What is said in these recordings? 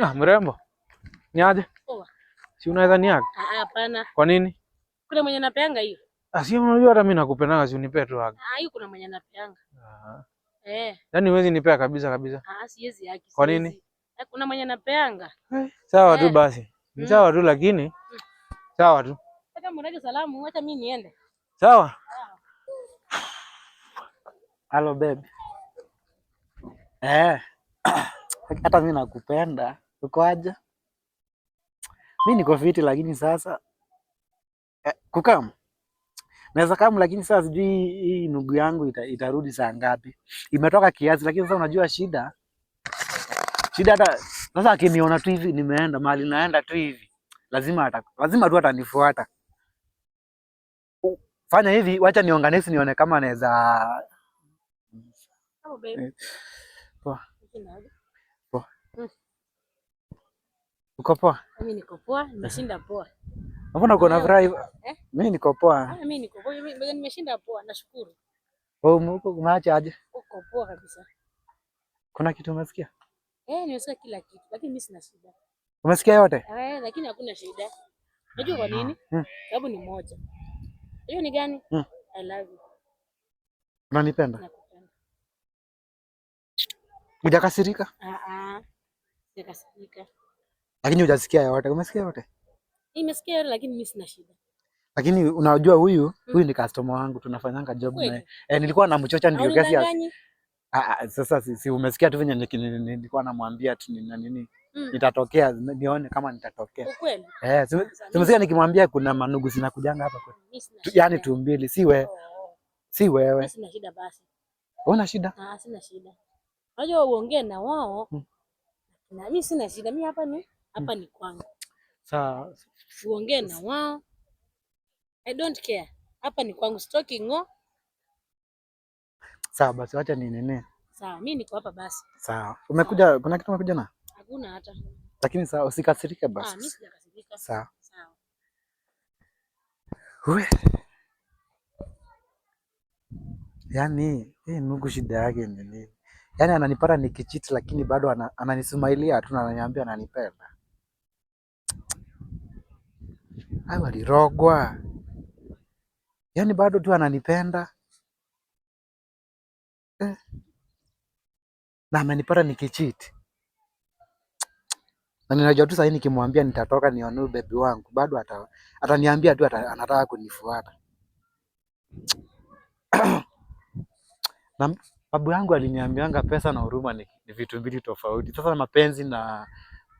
Ya, ah, mrembo. Niaje? Poa. Si unaweza niaga? Ah, ah, hapana. Kwa nini? Kuna mwenye napeanga hiyo. Ah, si unajua hata mimi nakupendanga si unipe tu haga. Ah, hiyo kuna mwenye napeanga. Ah. Eh. Yaani huwezi nipea kabisa kabisa. Ah, siwezi haki. Kwa nini? Eh, Kuna mwenye napeanga. Eh, sawa tu eh. basi. Ni mm. sawa tu lakini mm. sawa tu. Hata mnataka salamu, acha mimi niende. Sawa. Hello ah. baby. Eh. Hata mimi nakupenda. Uko aje? Mi niko fiti, lakini sasa eh, kukamu kukam naweza kamu lakini sasa sijui hii nugu yangu ita, itarudi saa ngapi? Imetoka kiasi, lakini sasa unajua shida shida, hata sasa akiniona tu hivi nimeenda mahali naenda tu hivi, lazima ata, lazima tu atanifuata. Fanya hivi, wacha nionganisi, nione kama anaweza oh, Uko poa? Mimi niko poa, nimeshinda poa. Mbona uko na furaha hivyo? Eh? Mimi niko poa. Ah, Mimi niko poa, Mimi nimeshinda poa, nashukuru. Wewe oh, uko umeacha aje? Uko poa kabisa. Kuna kitu umesikia? Eh, nimesikia kila kitu, lakini mimi sina shida. Umesikia yote? Eh, lakini hakuna shida. Unajua kwa nini? Hmm. Hmm. Sababu ni moja. Hiyo ni gani? Hmm. I love you. Unanipenda? Nakupenda. Hujakasirika? Ah ah. Hujakasirika. Lakini hujasikia yote. Umesikia yote? Nimesikia yote lakini mimi sina shida. Lakini unajua huyu, mm. huyu ni customer wangu tunafanyanga job naye. Eh, nilikuwa namchocha ndio gasi. Ah, sasa si si umesikia tu venye nilikuwa namwambia tu nini nini. Mm. Nitatokea nione kama nitatokea. Ukweli? Eh, tumesikia nikimwambia kuna manugu zinakujanga hapa kwetu. Yaani tu mbili, si wewe. Oh, oh, oh. Si wewe. Sina shida basi. Una shida? Ah, sina shida. Unajua uongee na wao. Hmm. Na mimi sina shida. Mimi hapa ni hapa mm. ni kwangu. Sawa, uongee na wao, I don't care, hapa ni kwangu, sitoki ng'o. Sawa basi, acha ni nene. Sawa, mimi niko hapa basi. Sawa, umekuja, kuna kitu umekuja na? Hakuna hata. Lakini sawa, usikasirike ah, basi. Ah, mimi sijakasirika. Sawa. Sawa. Wewe. Yaani, hii Mungu shida yake ni nini? Yaani ananipata nikichiti lakini bado ananisumailia tu na ananiambia ananipenda. Hawa alirogwa Yaani bado tu ananipenda. Eh. Na amenipata nikichiti Na ninajua tu sasa nikimwambia nitatoka nione bebi wangu bado ata, ataniambia tu ata, anataka kunifuata. Na babu yangu aliniambianga pesa na huruma ni, ni vitu mbili tofauti. Sasa mapenzi na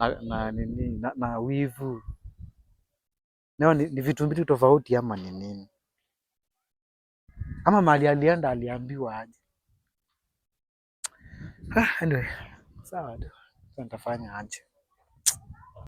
na, na, na, na, na wivu nao ni, ni vitu mbili tofauti ama ni nini? Ama mali alienda aliambiwa aje? Ah, anyway, sawa tu, nitafanya aje?